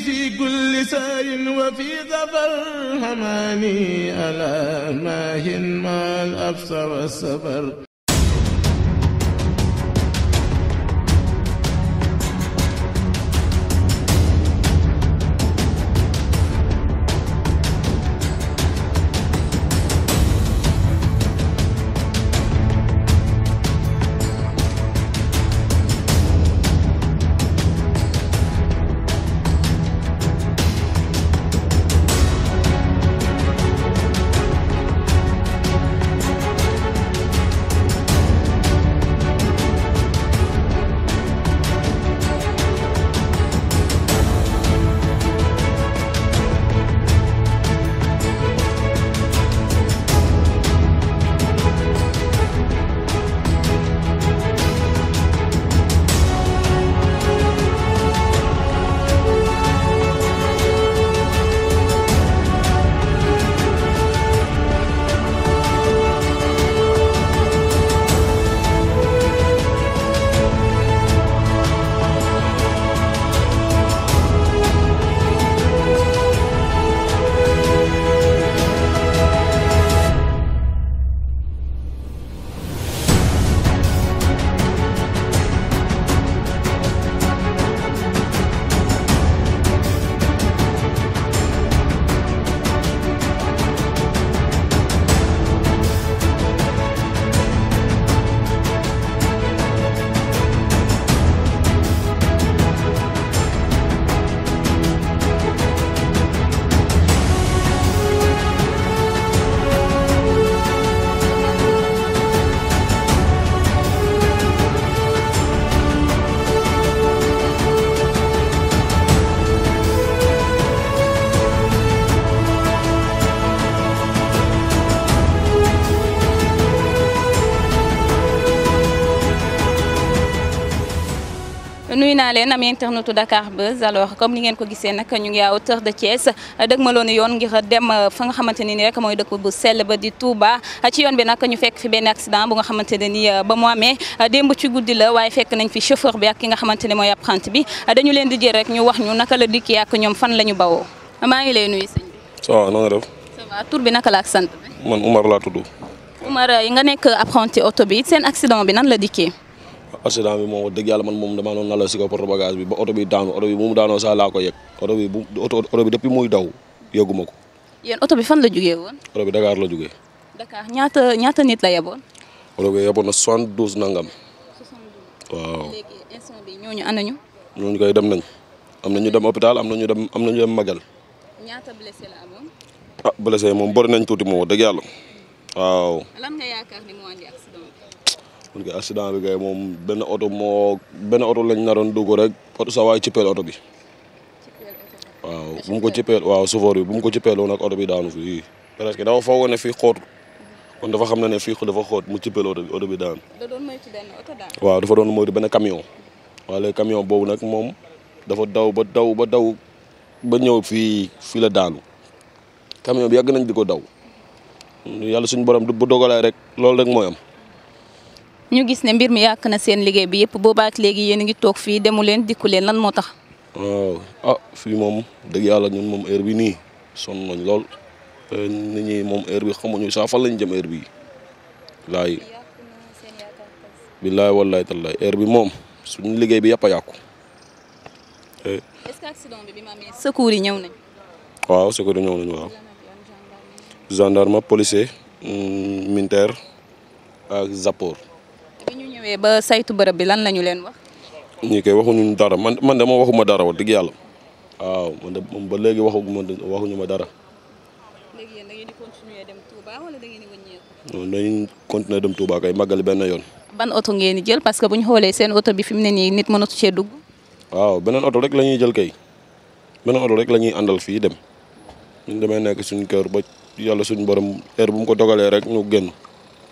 في كل سير وفي ظفر هماني ألا ماهن ما الأبصر السفر nuyu naa leen am internetu Dakar Buzz alors comme ni ngeen ko gisee nag ñu ngi a hauteur de Thiès dëgg ma loonu yoon ngir dem euh, fa nga xamante ne ni rek mooy dëkk bu sell ba di Touba ci yoon bi nag ñu fekk fi benn accident bu nga xamante ne ni euh, ba mu amee démb ci guddi la waaye fekk nañ fi chauffeur bi ak ki nga xamante ne mooy apprenti bi dañu leen di jël rek ñu wax ñu naka la dikki ak ñoom fan la ñu bawoo maa ngi lay nuyu sëñ bi. ça bi naka la ak sant bi. man Umar laa tudd. Umar euh, nga nekk apprenti oto bi seen accident bi nan la dikkee. accident bi moom wax dëgg yàlla man moom damaa doon nalaw si kaw porte bagage bi ba oto bi daanu oto bi bu mu daanoo sax laa ko yëg oto bi bu oto bi depuis muy daw yëguma ko. yéen oto bi fan la jugee woon. oto bi Dakar la jugee. Dakar ñaata ñaata nit la yeboon. oto bi yeboon na 72 nangam. waaw ñooñu ana ñu. ñooñu koy dem nañ am na ñu dem hôpital am na ñu dem am na ñu dem Magal. ñaata blessé la amoon. ah blessé moom bëri nañ tuuti moom dëgg yàlla yaakaar ni moo andi accident kon kay bi kay moom benn oto moo benn oto lañ naroon dugg rek oto sa waay cippeel oto bi waaw bu mu ko cippeel waaw chauffeur bi bu mu ko cippeeloon nag oto bi daanu fii presque dafa foog ne fii xóot kon dafa xam ne ne fii dafa xóot mu cippeel oto bi oto bi daanu. da waaw dafa doon moytu benn camion. waaw léegi camion boobu nag moom dafa daw ba daw ba daw ba ñëw fii fii la daanu camion bi yàgg nañ di ko daw yàlla suñu borom bu dogalee rek loolu rek mooy ñu gis ne mbir mi yàq na seen liggéey bi yëpp boobaak léegi yéen a ngi toog fii demu leen dikku leen lan moo tax. waaw ah fii moom dëgg yàlla ñun moom heure bi nii sonn nañ lool eh, nit moom heure bi xamuñu saa fan lañ jëm heure bii laay billaay wallaay tallaay heure bi moom suñ liggéey bi yëpp a yàkku eh. est yi ñëw nañ. waaw secours yi ñëw nañ waaw. gendarme policier mm, militaire ak zappor. ñëwee ba saytu bërëb bi lan lañu leen wax. ñu koy waxuñu dara man man de ma waxuma dara wax dëgg yàlla waaw man de moom ba léegi waxuma waxuñu ma dara. léegi yéen da ngeen di continuer dem Touba wala kay màggali benn yoon. ban oto ngeen di jël parce que bu ñu xoolee seen oto bi fi mu ne nii nit mënatu cee dugg. waaw beneen oto rek la ñuy jël kay beneen oto rek la ñuy àndal fii dem ñu demee nekk suñu kër ba yàlla suñu borom heure bu mu ko dogalee rek ñu génn.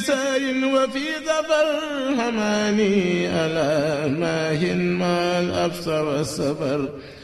سار وفي ظفر هماني ألا ماهن ما الأبصر والسفر